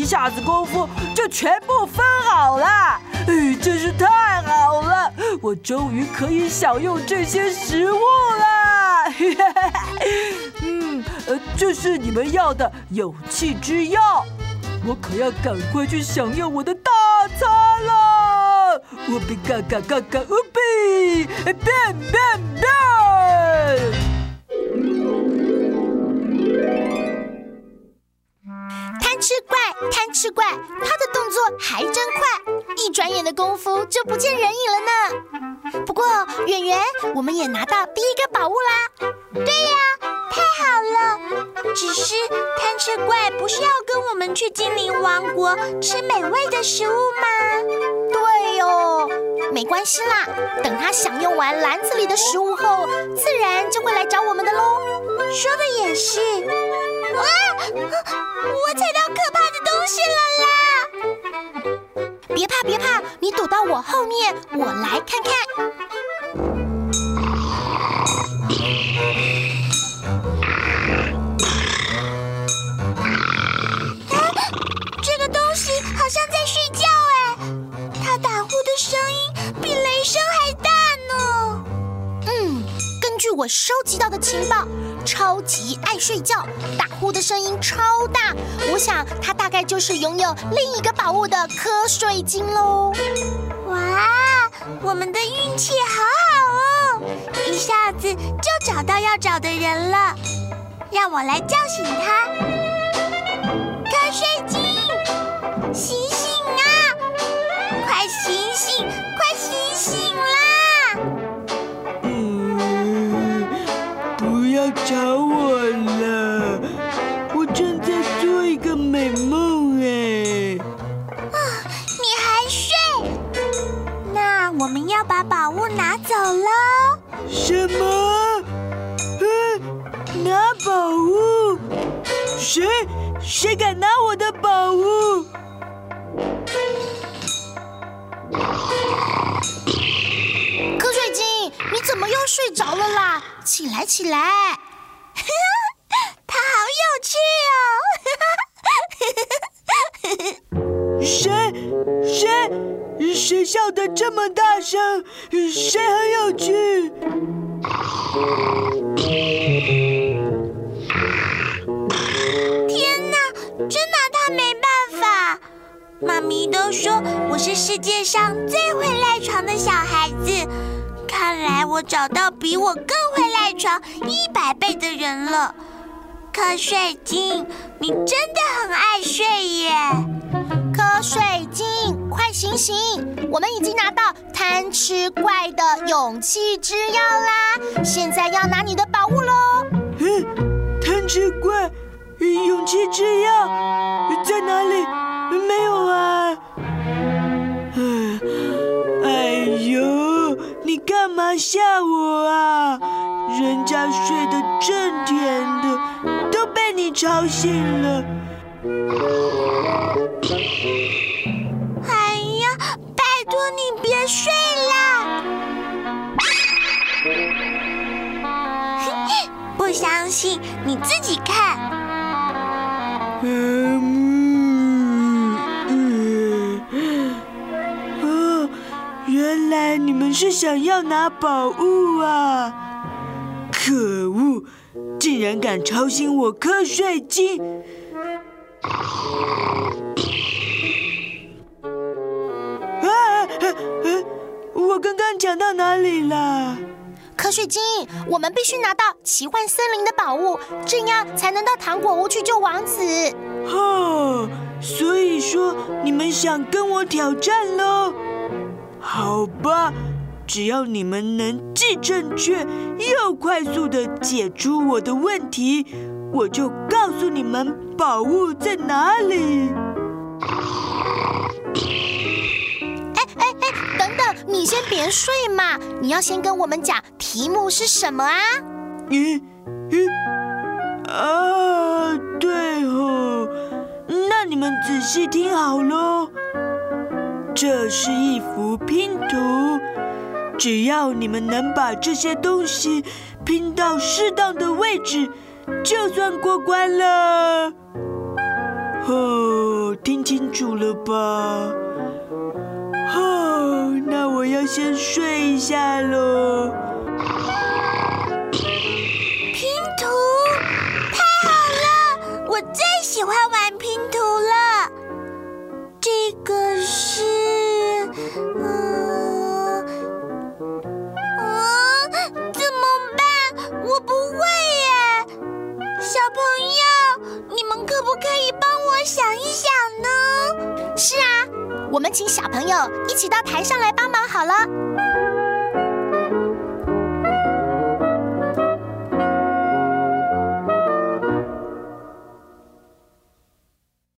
一下子功夫就全部分好了，哎，真是太好了！我終於可以享用這些食物了。嗯，呃，這是你們要的勇氣之藥，我可要趕快去享用我的大餐了。烏比嘎嘎嘎嘎，烏比變變變！貪吃怪，他的動作還真快，一轉眼的功夫就不見人影了呢。不過，圓圓，我們也拿到第一個寶物啦。對呀，啊，太好了。只是貪吃怪不是要跟我們去精靈王國吃美味的食物嗎？對哦，沒關係啦，等他享用完籃子裡的食物後，自然就會來找我們的嘍。說的也是。啊。我踩到東西了啦！別怕別怕，你躲到我後面，我來看看。啊，這個東西好像在睡覺哎，它打呼的聲音比雷聲還大呢。嗯，根據我收集到的情報。超級愛睡覺，打呼的聲音超大。我想他大概就是擁有另一個寶物的瞌睡精嘍。哇，我們的運氣好好哦，一下子就找到要找的人了。讓我來叫醒他，瞌睡精，醒！什麼、嗯？拿寶物？誰？誰敢拿我的寶物？瞌睡精，你怎麼又睡着了啦？起來，起來！ 他好有趣哦！ 誰？誰？誰笑得這麼大聲？誰很有趣？天哪，真拿、啊、他沒辦法！媽咪都說我是世界上最會賴床的小孩子，看來我找到比我更會賴床一百倍的人了。瞌睡精，你真的很愛睡耶！瞌睡精，快醒醒！我們已經拿到貪吃怪的勇氣之藥啦！現在要拿你的寶物了。嗯，貪吃怪、勇氣之藥在哪裡？沒有啊。哎，哎呦，你幹嘛嚇我啊？人家睡得正甜的，都被你吵醒了。哎呀，拜託你別睡了。自己看。啊、嗯嗯哦，原來你們是想要拿寶物啊！可惡，竟然敢吵醒我瞌睡精！啊啊啊！我剛剛講到哪裡了？瞌睡精，我們必須拿到奇幻森林的寶物，這樣才能到糖果屋去救王子。哈、哦，所以說你們想跟我挑戰嘍？好吧，只要你們能既正確又快速地解出我的問題，我就告訴你們寶物在哪裡。等等，你先別睡嘛，你要先跟我們講題目是什麼啊？嗯嗯啊，對吼、哦，那你們仔細聽好嘍，這是一幅拼圖，只要你們能把這些東西拼到適當的位置，就算過關了。吼、哦，聽清楚了吧？先睡一下嘍。我們請小朋友一起到台上來幫忙，好了。